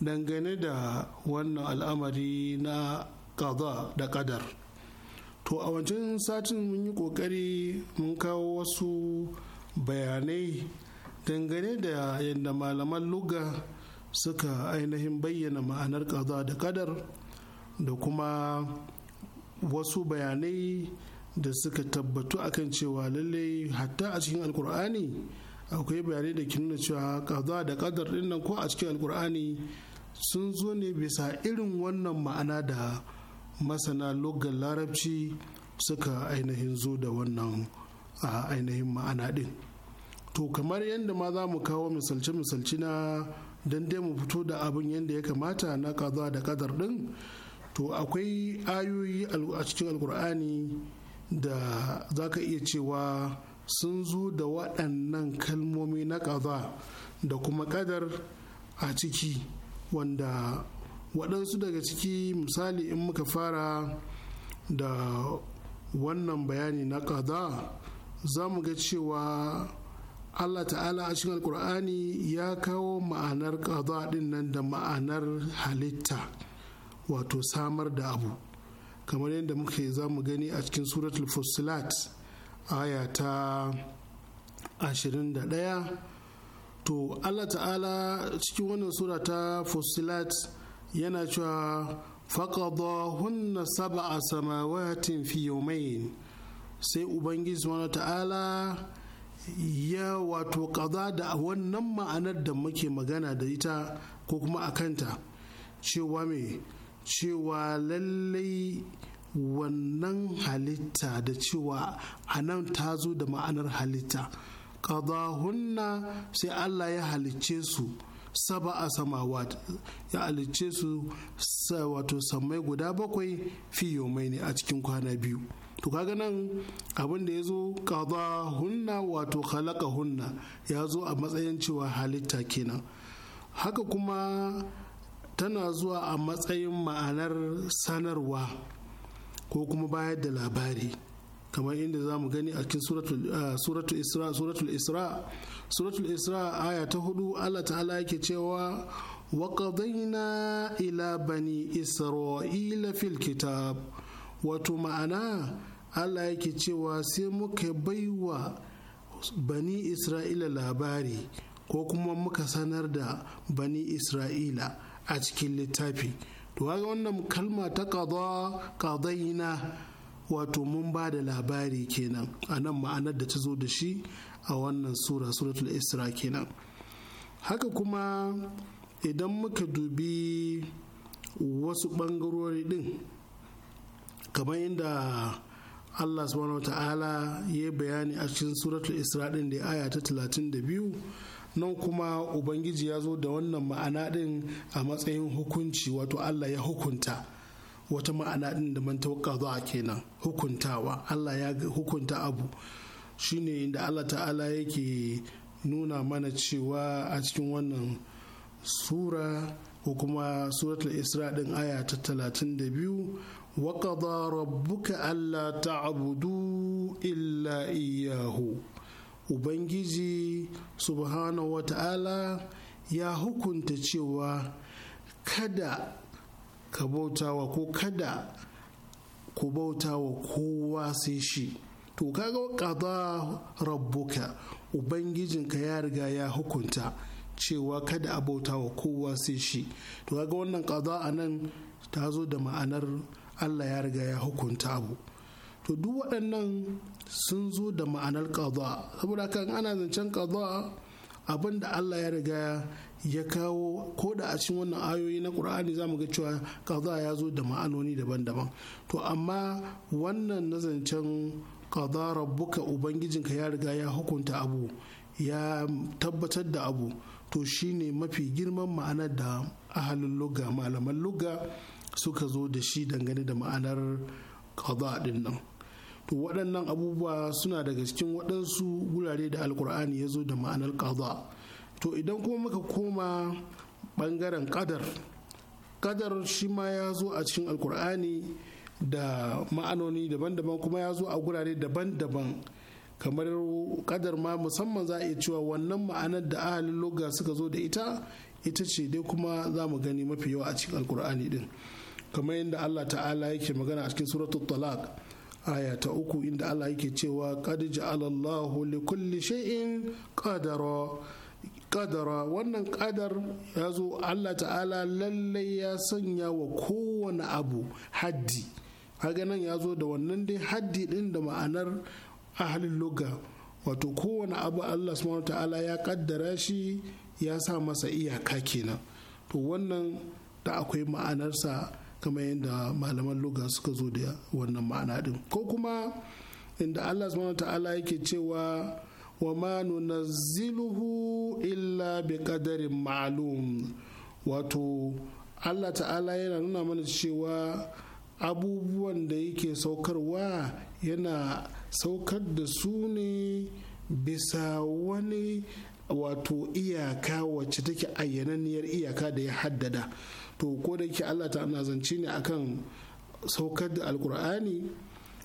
dangane da wannan al'amari na kaza da kadar to a wancan satin mun yi kokari mun kawo wasu bayanai dangane da yadda malaman luga suka ainihin bayyana ma'anar kaza da kadar da kuma wasu bayanai da suka tabbatu akan cewa lallai hatta a cikin alkur'ani akwai bayanai da ke nuna cewa kaza da kadar din ko a cikin alkur'ani sun zo ne bisa irin wannan ma'ana da masana logan larabci suka ainihin zo da wannan a ainihin ma'ana din to kamar yadda ma za mu kawo misalce-misalce na don dai mu fito da abin yadda ya kamata na kaza da kadar din to akwai ayoyi a cikin alkur'ani da za ka iya cewa sun zo da waɗannan kalmomi na ƙaza da kuma ƙadar a ciki wanda waɗansu daga ciki misali in muka fara da wannan bayani na ƙaza za mu ga cewa Allah ta'ala a cikin alkur'ani ya kawo ma'anar ƙaza ɗin nan da ma'anar halitta wato samar da abu kamar yadda muke za mu gani a cikin suratul fusilat aya ta 21 to allah ta'ala cikin wannan sura ta fusilat yana cewa hunna sab'a a samawatin fi sai ubangiji wani ta'ala ya wato kaza da wannan ma'anar da muke magana da ita ko kuma a kanta cewa mai cewa lallai wannan halitta da cewa a nan ta zo da ma'anar halitta kaza-hunna, sai Allah ya halicce su saba a sama, ya halicce su wato samai guda bakwai fi yomai ne a cikin kwana biyu to kaga nan abin da ya zo kaza-hunna wato hunna ya zo a matsayin cewa halitta kenan haka kuma tana zuwa a matsayin ma'anar sanarwa ko kuma bayar da labari kamar inda za mu gani a cikin suratul isra suratul isra suratul aya ta hudu allah ta'ala yake cewa ila bani isra'ila fil kitab wato ma'ana Allah yake cewa sai muka baiwa bani Isra'ila labari ko kuma muka sanar da bani Isra'ila a cikin littafi to haka wannan kalma ta na wato mun ba da labari kenan a nan ma'anar da ta zo da shi a wannan sura suratul isra kenan haka kuma idan muka dubi wasu ɓangarori ɗin kamar inda allah subhanahu ta'ala ya bayani a cikin suratul isra ɗin da aya ta 32 nan kuma ubangiji ya zo da wannan ma'ana ɗin a matsayin hukunci wato allah ya hukunta wata ma'ana ɗin da man a kenan hukuntawa allah ya hukunta abu shine inda allah ta'ala yake nuna mana cewa a cikin wannan sura ko kuma suratul isra ɗin aya ta 32 وقضى rabbuka allah ta'abudu illa إياه ubangiji subhanahu wata'ala ya hukunta cewa kada ka bautawa ko kada ku bautawa kowa sai shi to kaga qada rabbuka ubangijinka ya riga ya hukunta cewa kada a bautawa kowa sai shi to kaga wannan a nan ta zo da ma'anar Allah ya riga ya hukunta abu to duk waɗannan sun zo da ma'anar qada saboda kan ana zancen qada abinda Allah ya riga ya kawo ko da a cikin wannan ayoyi na Qur'ani za mu ga cewa qada ya zo da ma'anoni daban-daban to amma wannan na zancen qada rabbuka ubangijinka ya riga ya hukunta abu ya tabbatar da abu to shine mafi girman ma'anar da ahalin lugga malaman luga suka zo da shi dangane da ma'anar qada din nan to waɗannan abubuwa suna daga cikin waɗansu gurare da alkur'ani ya zo da ma'anar ƙaza to idan kuma muka koma ɓangaren ƙadar ƙadar shi ma ya zo a cikin alkur'ani da ma'anoni daban-daban kuma ya zo a gurare daban-daban kamar ƙadar ma musamman za a iya cewa wannan ma'anar da ahalin loga suka zo da ita ita ce dai kuma za mu gani mafi yawa a cikin alkur'ani din kamar yadda allah ta'ala yake magana a cikin suratul talaq aya ta uku inda Allah yake cewa qad ja'alallahu li kulli shay'in qadara qadara wannan qadar yazo Allah ta'ala lallai ya sanya wa kowane abu haddi kaga nan yazo da wannan dai haddi din da ma'anar ahalin lugha wato kowane abu Allah subhanahu ta'ala ya kaddara shi ya sa masa iyaka kenan to wannan da akwai ma'anarsa kamar yadda malaman luga suka zo da wannan ma'ana din ko kuma inda Allah subhanahu ta'ala yake cewa wa ma nunazziluhu illa bi qadarin ma'lum wato Allah ta'ala yana nuna mana cewa abubuwan da yake saukarwa yana saukar da su ne bisa wani wato iyaka wacce take ayyananniyar iyaka da ya haddada to ko da yake Allah ta'ala zance ne akan saukar da alkur'ani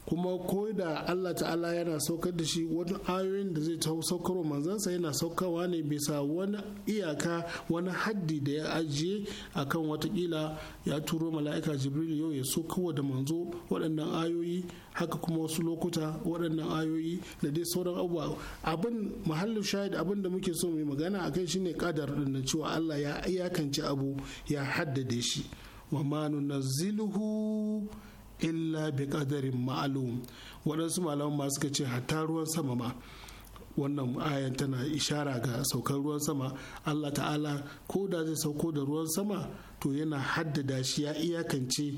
kuma ko da Allah ta'ala yana saukar da shi wani ayoyin da zai taho saukarwa manzansa yana saukarwa ne bisa wani iyaka wani haddi da ya ajiye akan watakila ya turo mala'ika jibril yau ya saukarwa da manzo waɗannan ayoyi haka kuma wasu lokuta waɗannan ayoyi da dai sauran abubuwa abin muhallin shahid abin da muke so mu yi magana akai ne kadar din cewa Allah ya iyakance abu ya haddade shi wa manu nunazziluhu illa bi kadarin ma'alum waɗansu malaman ma suka ce hatta ruwan sama ma wannan ayan tana ishara ga saukar ruwan sama Allah ta'ala ko da zai sauko da ruwan sama to yana haddada shi ya iyakance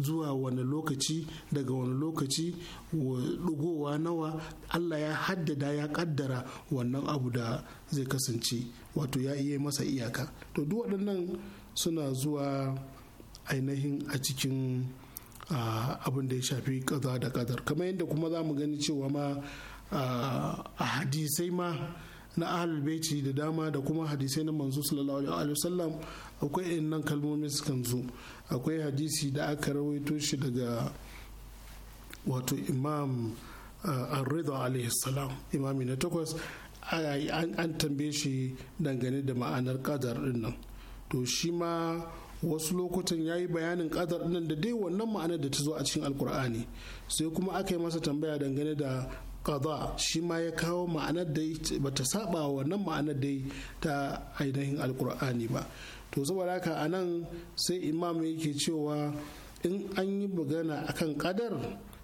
zuwa wani lokaci daga wani lokaci dugowa nawa Allah ya haddada ya kaddara wannan abu da zai kasance wato ya iya masa iyaka to duk waɗannan suna zuwa ainihin a cikin abin da ya shafi kaza da kadar kamar yadda kuma za mu gani cewa ma a hadisai ma na ahlul da dama da kuma hadisai na manzo sallallahu alaihi wasallam akwai nan kalmomi sukan zo akwai hadisi da aka rawaito shi daga wato imam ar alaihi salam imami na takwas an tambaye shi dangane da ma'anar kadar din nan to shi ma wasu lokutan ya yi bayanin kadar nan da dai wannan ma'anar da ta zo a cikin alkur'ani sai kuma aka yi masa tambaya dangane da kaza shi ma ya kawo ma'anar da bata saba wannan ma'anar da ta ainihin alkur'ani ba to saboda haka a nan sai imam yake cewa in an yi magana akan kadar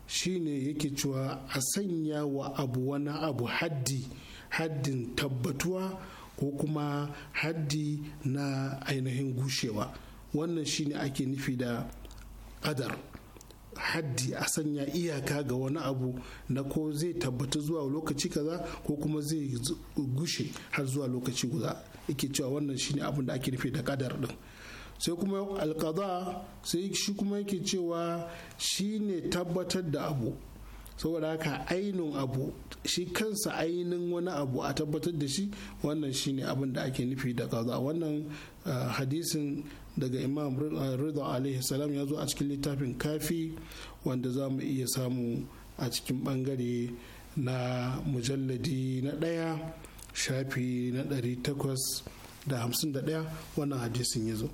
shine yake cewa a sanya wa abu wani abu haddi haddin tabbatuwa ko kuma haddi na ainihin gushewa wannan shi ne ake nufi da ƙadar haddi a sanya iyaka ga wani abu na ko zai tabbata zuwa lokaci kaza ko kuma zai gushe har zuwa lokaci guda ike cewa wannan shi ne da ake nufi da kadar din sai kuma alkaza sai shi kuma yake cewa shi ne tabbatar da abu saboda haka ainihin abu shi kansa ainihin wani abu a tabbatar da shi wannan shi ne da ake nufi da kaza wannan ah, hadisin daga imam rida alaihi salam ya zo a cikin littafin kafi wanda za mu iya samu a cikin bangare na mujalladi na ɗaya shafi na ɗari takwas da hamsin da ɗaya wannan hadisin ya zo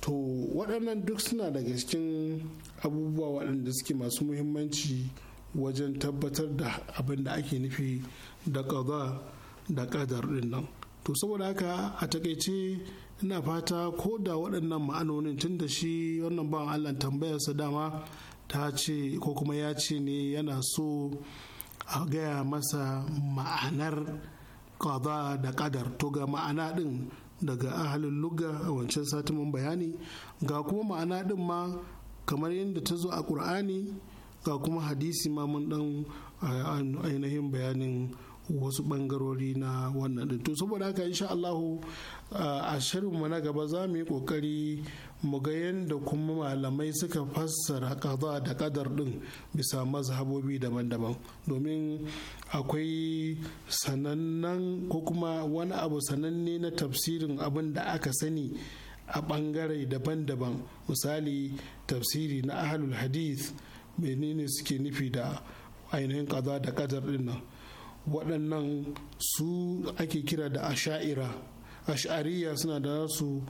to waɗannan duk suna daga cikin abubuwa waɗanda suke masu muhimmanci wajen tabbatar da abin da ake nufi da ƙaza da ƙadar ɗin nan to saboda haka a takaice ina fata ko da waɗannan ma'anonin tun da shi wannan bawan allah tambayarsa dama ta ce ko kuma ya ce ne yana so a gaya masa ma'anar kaza da kadar to ga ma'ana din daga ahalin lugga a wancan satimin bayani ga kuma ma'ana din ma kamar yadda ta zo a ƙur'ani ga kuma hadisi ma mun dan ainihin bayanin wasu bangarori na wannan din to saboda haka insha Allahu a shirin mu na gaba za mu yi kokari mu ga yadda kuma malamai suka fassara kaza da kadar din bisa mazhabobi daban-daban domin akwai sanannen ko kuma wani abu sananne na tafsirin abin da aka sani a bangare daban-daban misali tafsiri na ahlul hadith menene suke nufi da ainihin kaza da kadar din nan waɗannan su ake kira da asha'ira ash'ariya suna da nasu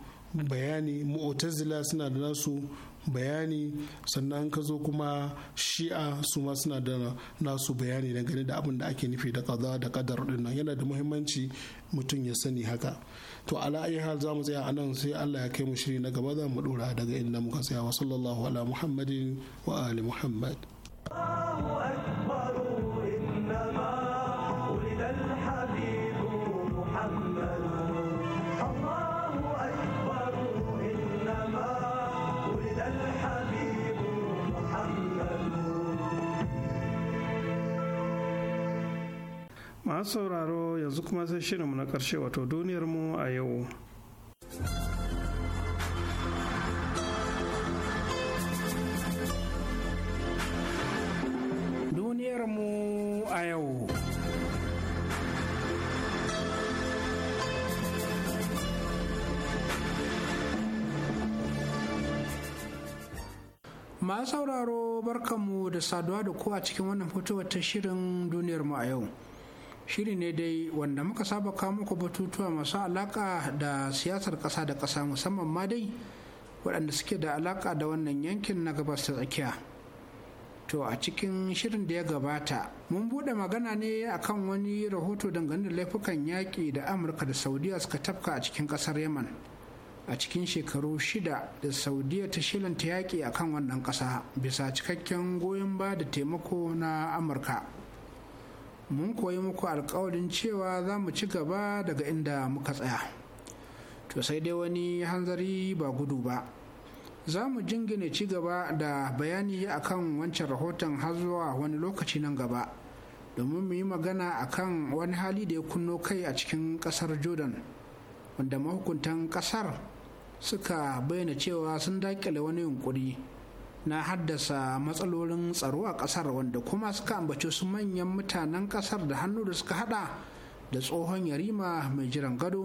bayani mu'tazila suna da nasu bayani sannan ka zo kuma shi'a su ma suna da nasu bayani dangane da abin da ake nufi da kaza da kadar dinnan yana da muhimmanci mutum ya sani haka to ala ayi hal za mu tsaya a nan sai Allah ya kai mu shiri na gaba za mu dora daga inda muka tsaya wa sallallahu ala muhammadin wa ali muhammad masu sauraro yanzu kuma sai shirinmu na ƙarshe wato duniyarmu a yau duniyarmu a yau masu sauraro barkanmu da saduwa da ku a cikin wannan fitowar ta shirin duniyarmu a yau shiri ne dai wanda muka saba kawo muku batutuwa masu alaka da siyasar ƙasa da ƙasa musamman ma dai waɗanda suke da alaka da wannan yankin na gabas ta tsakiya to a cikin shirin da ya gabata mun buɗe magana ne akan wani rahoto dangane da laifukan yaƙi da amurka da saudiya suka tafka a cikin ƙasar yaman a cikin shekaru shida da saudiya ta ta yaƙi akan wannan ƙasa bisa cikakken goyon ba da taimako na amurka mun koyi muku alkawarin cewa za mu ci gaba daga inda muka tsaya to sai dai wani hanzari ba gudu ba za mu jingina ci gaba da bayani akan wancan rahoton har zuwa wani lokaci nan gaba domin mu yi magana akan wani hali da ya kunno kai a cikin kasar jordan wanda mahukuntan kasar suka bayyana cewa sun daƙile wani yunkuri na haddasa matsalolin tsaro a kasar wanda kuma suka ambaci su manyan mutanen kasar da hannu da suka hada da tsohon yarima mai jiran gado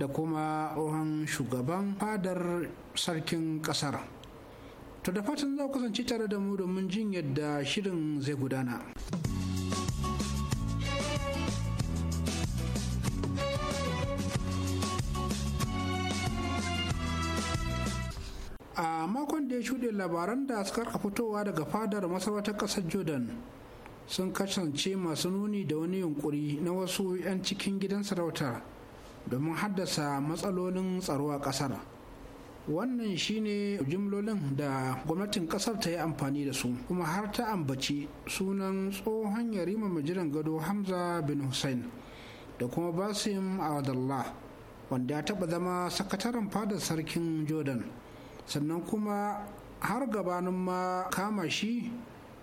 da kuma tsohon shugaban fadar sarkin kasar to da fatan za ku kasance tare da mu domin jin yadda shirin zai gudana. a makon da ya shuɗe labaran da suka fitowa daga fadar masarautar ƙasar jordan sun kasance masu nuni da wani yunkuri na wasu 'yan cikin gidan sarautar domin haddasa matsalolin tsaro a ƙasar wannan shine jimlolin da gwamnatin ƙasar ta yi amfani da su kuma har ta ambaci sunan tsohon yarima majiran gado hamza bin hussein da kuma basim awadallah wanda ya taɓa zama sakataren fadar sarkin jordan sannan kuma har gabanin ma kama shi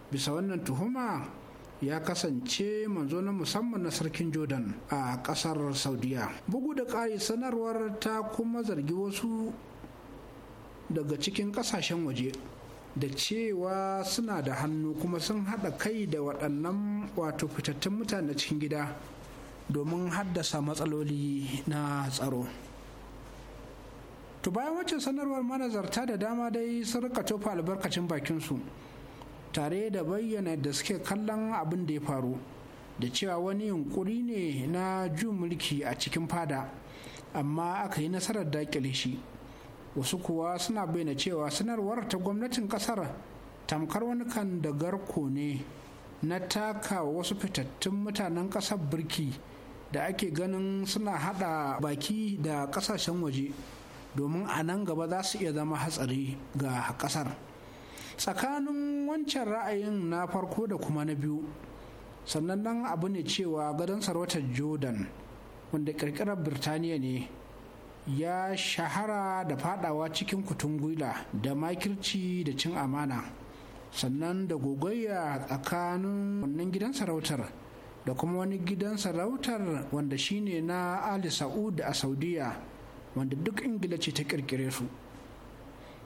bisa wannan tuhuma ya kasance manzo na musamman na sarkin jordan a kasar saudiya bugu da ƙari sanarwar ta kuma zargi wasu daga cikin ƙasashen waje da cewa suna da hannu kuma sun haɗa kai da waɗannan wato fitattun mutane cikin gida domin haddasa matsaloli na tsaro to bayan wacce sanarwar manazarta da dama dai sun rika tofa albarkacin bakinsu tare da bayyana da suke kallon abin da ya faru da cewa wani yunkuri ne na jun mulki a cikin fada amma aka yi nasarar dakile shi wasu kuwa suna bayyana cewa sanarwar ta gwamnatin kasar tamkar wani kan da garko ne na taka wasu fitattun mutanen kasar birki da ake ganin suna hada baki da kasashen waje. domin a nan gaba za su iya zama hatsari ga kasar tsakanin wancan ra'ayin na farko da kuma na biyu sannan nan abu ne cewa gadon sarautar jordan wanda kirkirar birtaniya ne ya shahara da fadawa cikin kutun gwila da makirci da cin amana sannan da gogayya tsakanin wannan gidan sarautar da kuma wani gidan sarautar wanda shine na ali sa'ud a saudiya wanda duk ingila ce ta kirkire su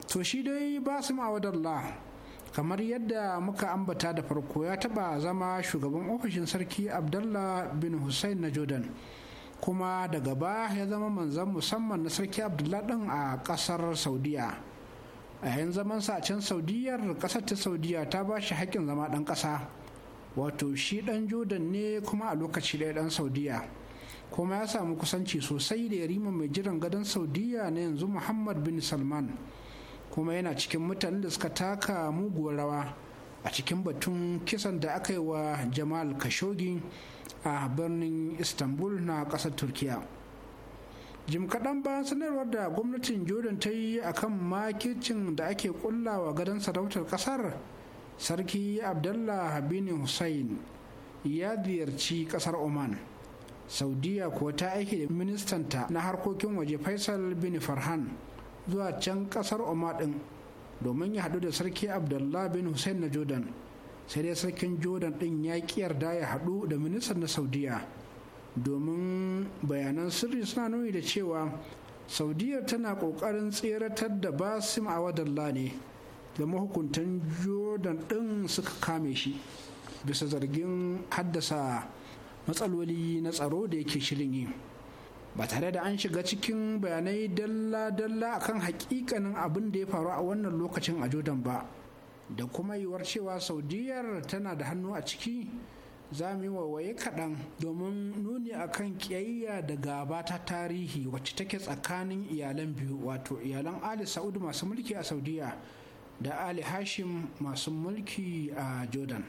to shi dai ba su awadallah kamar yadda muka ambata da farko ya taba zama shugaban ofishin sarki abdullah bin hussein na jordan kuma daga ba ya zama manzan musamman na sarki abdullah din a kasar saudiya a 'yan zamansa a can saudiyar kasar ta saudiya ta ba shi haƙƙin zama ɗan ƙasa wato shi ɗan jordan ne kuma a lokaci ɗaya ɗan saudiya kuma ya samu kusanci sosai da yarima mai jiran gadon saudiya na yanzu muhammad bin salman kuma yana cikin mutane da suka taka muguwar rawa a cikin batun kisan da aka yi wa jamal khashoggi a birnin istanbul na ƙasar turkiya jim kaɗan bayan sanarwar da gwamnatin jordan ta yi a kan makicin da ake wa gadon sarautar ƙasar sarki abdallah bin hussein ya ziyarci ƙasar oman saudiya kuwa ta aiki da ministanta na harkokin waje faisal bin farhan zuwa can kasar oma din domin ya hadu da sarki abdullah bin hussein na jordan sai dai sarkin jordan din ya ƙi yarda ya haɗu da ministan na saudiya domin bayanan sirri suna nuni da cewa saudiya tana ƙoƙarin tseratar da basim a wadalla ne da mahukuntan jordan din suka kame shi bisa zargin haddasa matsaloli na tsaro da yake shirin yi ba tare da an shiga cikin bayanai dalla-dalla akan hakikanin abin da ya faru a wannan lokacin a jordan ba da kuma yiwuwar cewa saudiyar tana da hannu a ciki za mu yi wawaye kaɗan domin nuni akan kiyayya da gaba ta tarihi wacce take tsakanin iyalan biyu wato iyalan ali Saudu masu mulki a saudiya da ali hashim masu mulki a jordan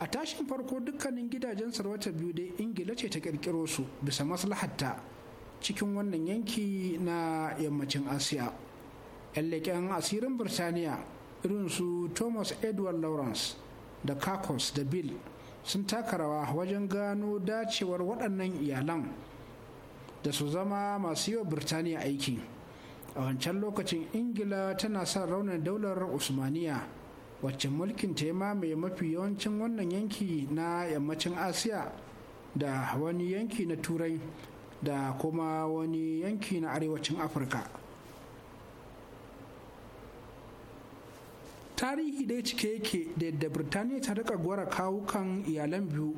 a tashin farko dukkanin gidajen sarwata biyu dai ingila ce ta kirkiro su bisa maslahatta cikin wannan yanki na yammacin asiya yan leƙen asirin birtaniya irin su thomas edward lawrence da kakos da bill sun taka rawa wajen gano dacewar waɗannan iyalan da su zama masu yiwa birtaniya aiki a wancan lokacin ingila tana son raunin daular usmaniya wacce mulkin ta mamaye mafi yawancin wannan yanki na yammacin asiya da wani yanki na turai da kuma wani yanki na arewacin afirka tarihi dai cike yake da yadda birtaniya ta rika gwara kawukan iyalan biyu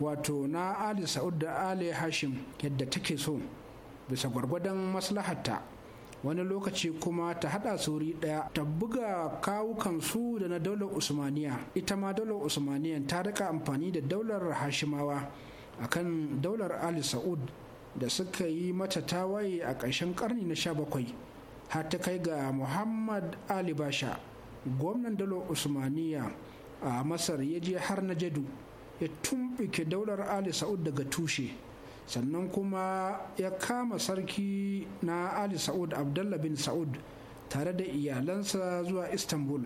wato na ali sa'ud da ali hashim yadda take so bisa gwargwadon maslahatta wani lokaci kuma ta hada su wuri daya ta buga kawukan su da na daular usmaniya ita ma daular usmaniya ta rika amfani da daular hashimawa akan daular ali sa'ud da suka yi mata tawaye a ƙarshen karni na 17 har ta kai ga muhammad ali basha gwamnan daular usmaniya a masar ya je har na jadu ya tumbuke daular ali sa'ud daga tushe sannan kuma ya kama sarki na ali sa'ud abdullah bin sa'ud tare da iyalansa zuwa istanbul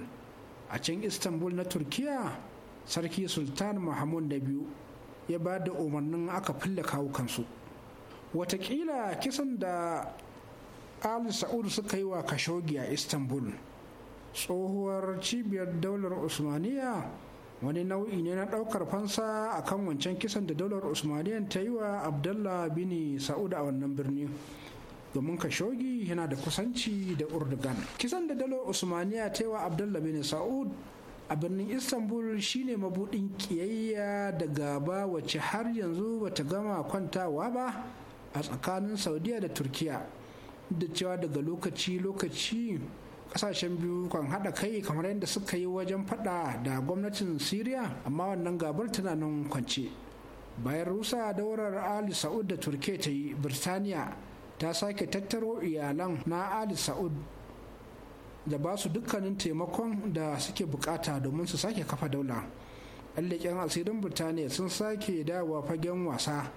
a can istanbul na turkiya sarki sultan mahamud na biyu ya ba da umarnin aka fille kawukansu watakila kisan da ali sa'ud suka yi wa kashogi a istanbul tsohuwar cibiyar daular usmaniya wani nau'i ne na ɗaukar fansa a kan wancan kisan da daular usmaniyan ta yi wa abdallah bin sa'ud a wannan birni domin kashogi yana da kusanci da urdugan kisan da daular usmaniya ta yi wa abdallah bin sa'ud a birnin istanbul shine mabudin kiyayya da gaba wacce har yanzu bata gama kwantawa ba a tsakanin saudiya da turkiya da cewa daga lokaci-lokaci kasashen biyu kan hada kai kamar yadda suka yi wajen fada da gwamnatin syria amma wannan gabar tana nan kwance bayan rusa daurar ali sa'ud da turke ta yi birtaniya ta sake tattaro iyalan na ali sa'ud da ba su dukkanin taimakon da suke bukata domin su sake kafa daula leƙen asirin birtaniya sun sake dawa fagen wasa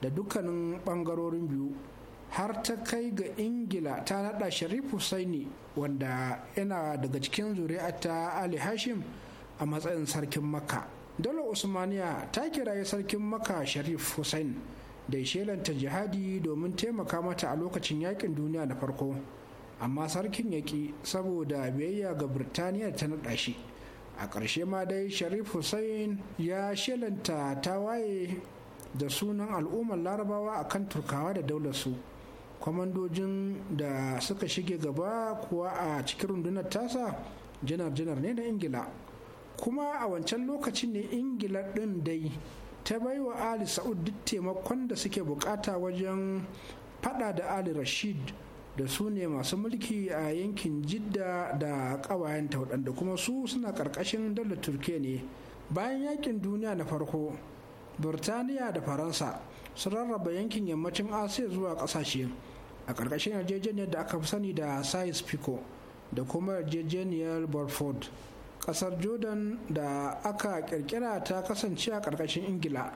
da dukkanin ɓangarorin biyu har ta kai ga ingila ta nada sharif husaini wanda yana daga cikin zuri'ata ali hashim a matsayin sarkin makka dole usmaniya ta kiraye sarkin maka sharif hussain da shelanta jihadi domin taimaka mata a lokacin yakin duniya na farko amma sarkin yaƙi saboda biyayya ga birtaniya ta nada shi a ƙarshe ma dai sharif hussain ya shelanta ta waye da sunan al'ummar larabawa akan turkawa da daular su kwamandojin da suka shige gaba kuwa a cikin rundunar tasa janar-janar ne na ingila kuma a wancan lokacin ne ingila ɗin dai ta bai wa ali sa'ud duk taimakon da suke bukata wajen fada da ali rashid da su ne masu mulki a yankin jidda da ƙawayenta waɗanda kuma su suna ƙarƙashin dala turkiya ne bayan yakin duniya na farko birtaniya da faransa sun rarraba yankin yammacin asiya zuwa ƙasashe a ƙarƙashin yarjejeniyar da aka fi sani da sayis pico da kuma yarjejeniyar burford ƙasar jordan da aka ƙirƙira ta kasance a ƙarƙashin ingila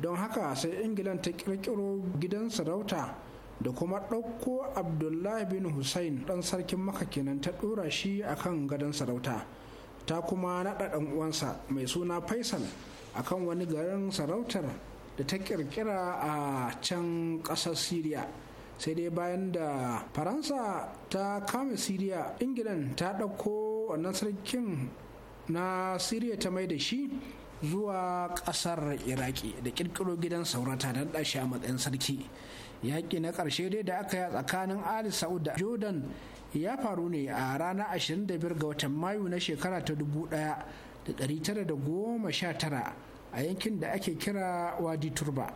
don haka sai ingilan ta ƙirƙiro gidan sarauta da kuma ɗauko abdullahi bin hussein ɗan sarkin maka kenan ta ɗora shi akan gadon sarauta ta kuma naɗa ɗan uwansa mai suna faisal akan wani garin sarautar da ta ƙirƙira a can ƙasar syria sai dai bayan da faransa ta kama siriya ingilan ta ɗauko wannan sarkin na siriya ta mai da shi zuwa ƙasar iraki da ƙirƙiro gidan saurata don ɗashi a matsayin sarki yaƙi na ƙarshe dai da aka yi a tsakanin ali saud da jordan ya faru ne a ranar 25 ga watan mayu na shekara ta 1919 a yankin da ake kira wadi turba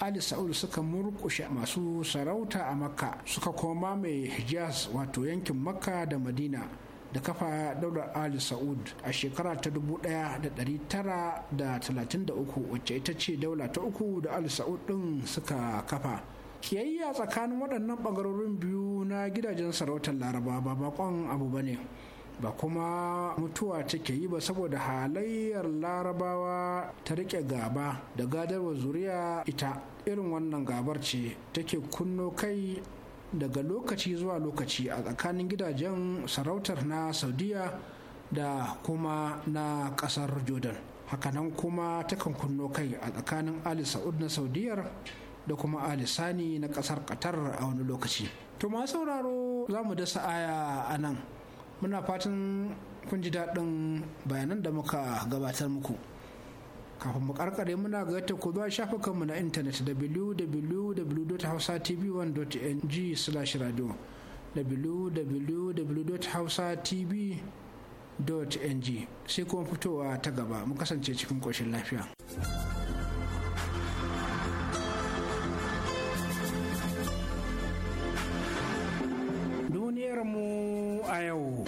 ali sa'ul suka murkushe masu sarauta a makka suka koma mai hijaz wato yankin makka da madina da kafa daular ali sa'ud a shekara ta 1933 wacce ita ce daula ta uku da ali sa'ud din suka kafa kiyayya tsakanin waɗannan ɓangarorin biyu na gidajen sarautar laraba ba bakon abu ba ne ba kuma mutuwa take yi ba saboda halayyar larabawa ta rike gaba da gadarwa zuriya ita irin wannan gabar ce take kunno kai daga lokaci zuwa lokaci a tsakanin gidajen sarautar na saudiya da kuma na kasar jordan hakanan kuma takan kunno kai a tsakanin ali sa'ud na saudiyar da kuma ali sani na kasar qatar a wani lokaci to ma sauraro za mu dasa aya a nan muna fatan kun ji daɗin bayanan da muka gabatar muku kafin mu karkare muna ga yadda ku zuwa shafukanmu na intanet www.hausatv1.ng slash radio www.hausatv.ng sai kuma fitowa ta gaba mu kasance cikin ƙoshin lafiya. duniyar mu a yau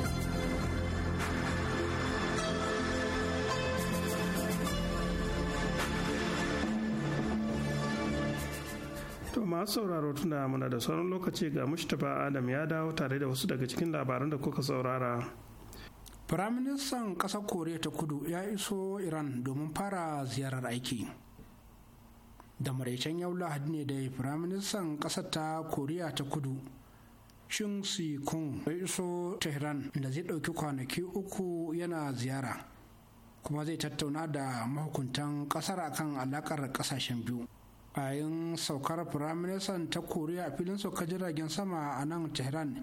masu sauraro tunda muna da sauran lokaci ga mustapha adam ya dawo tare da wasu daga cikin labaran da kuka saurara firaministan ƙasar koriya ta kudu ya iso iran domin fara ziyarar aiki da maraicen yau lahadi ne da firaministan ƙasar ta koriya ta kudu shin si kung ya iso tehran da zai ɗauki kwanaki uku yana ziyara kuma zai tattauna da mahukuntan ƙasar akan alaƙar ƙasashen biyu bayan saukar firaministan ta koriya a filin sauka jiragen sama a nan tehran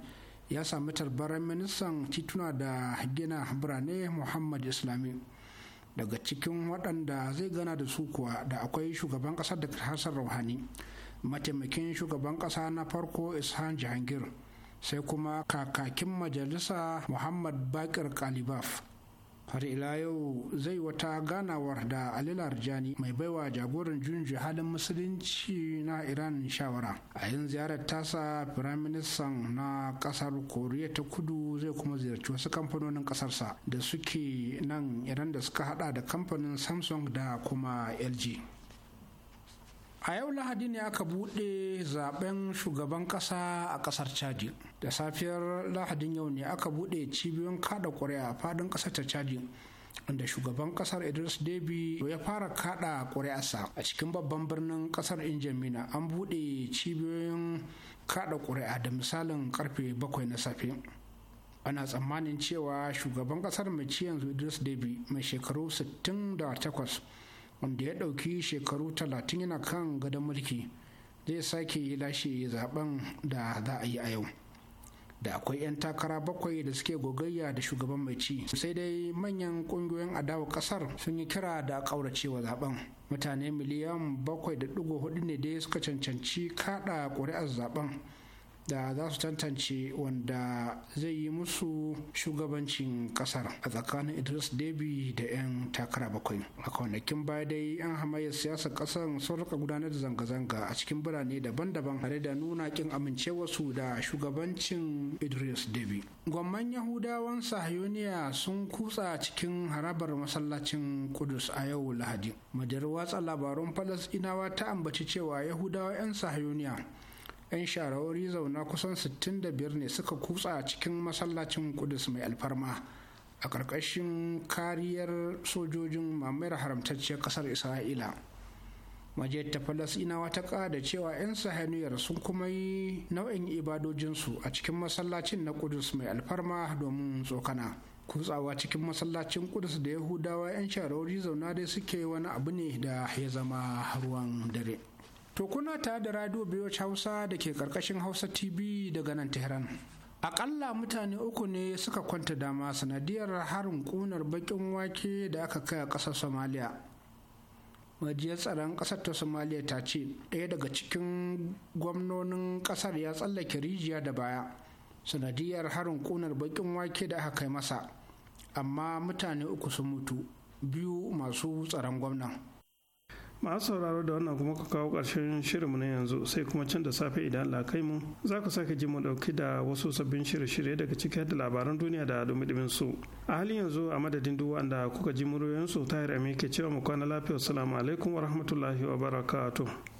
ya sami tarbaran ministan tituna da gina birane muhammad islami daga cikin waɗanda zai gana da su kuwa da akwai shugaban ƙasar da hassan rauhani mataimakin shugaban ƙasa na farko ishan jihangir sai kuma kakakin majalisa muhammad bakir kalibaf har ila yau zai wata ganawar da alilar jani mai baiwa jagoran junji halin musulunci na iran shawara a yin ziyarar tasa firaministan na kasar koriya ta kudu zai kuma ziyarci wasu kamfanonin kasarsa da suke nan iran da suka hada da kamfanin samsung da kuma lg a yau lahadi ne aka buɗe zaben shugaban ƙasa a ƙasar chadi da safiyar lahadin yau ne aka buɗe cibiyoyin kada ƙuri'a a faɗin ƙasar ta chadi inda shugaban ƙasar idris debi ya fara kada ƙuri'arsa a cikin babban birnin ƙasar injamina an buɗe cibiyoyin kada ƙuri'a da misalin karfe bakwai na safe ana tsammanin cewa shugaban ƙasar mai ciyan yanzu idris debi mai shekaru 68 wanda ya ɗauki shekaru talatin yana kan gadon mulki zai sake lashe zaben da za a yi a yau da akwai 'yan takara bakwai da suke gogayya da shugaban mai ci sai dai manyan ƙungiyoyin adawa ƙasar sun yi kira da kauracewa zaben mutane miliyan bakwai da hudu ne dai suka cancanci kaɗa ƙuri'ar zaben da za su tantance wanda zai yi musu shugabancin kasar a tsakanin idris debi da 'yan takara bakwai a kwanakin baya dai 'yan hamayyar siyasar kasar sun rika gudanar da zanga-zanga a cikin birane daban-daban tare da nuna kin amincewarsu da shugabancin idris debi gwamman yahudawan sahayoniya sun kutsa cikin harabar masallacin kudus a yau lahadi madar watsa labarun falasɗinawa ta ambaci cewa yahudawa 'yan sahayoniya 'yan sharawari zauna kusan 65 ne suka kutsa cikin masallacin kudus mai alfarma a ƙarƙashin kariyar sojojin mamayar haramtacciyar ƙasar isra'ila majiyar ta falasinawa ta ƙada cewa 'yan sahaniyar sun kuma yi nau'in ibadojinsu a cikin masallacin na kudus mai alfarma domin tsokana kutsawa cikin masallacin kudus da yahudawa 'yan sharawari zauna dai suke wani abu ne da ya zama ruwan dare. To kuna tare da radio Biyoc Hausa da ke karkashin Hausa TV daga nan Tehran. Akalla mutane uku ne suka kwanta dama sanadiyar harin kunar bakin wake da aka kai a ƙasar Somalia. Majiyar tsaron ƙasar ta Somalia ta ce ɗaya daga cikin gwamnonin ƙasar ya tsallake rijiya da baya sanadiyar harin kunar bakin wake da aka kai masa. Amma mutane uku sun mutu biyu masu tsaron gwamnan. masu sauraro da wannan kuma ka kawo ƙarshen shirinmu na yanzu sai kuma can da safe idan Allah kai mu za ku sake ji mu ɗauki da wasu sabbin shirye-shirye daga ciki da labaran duniya da dumi su a halin yanzu a madadin duk wanda kuka ji muryoyin su tahir ke cewa mu kwana lafiya assalamu alaikum wa rahmatullahi wa barakatuh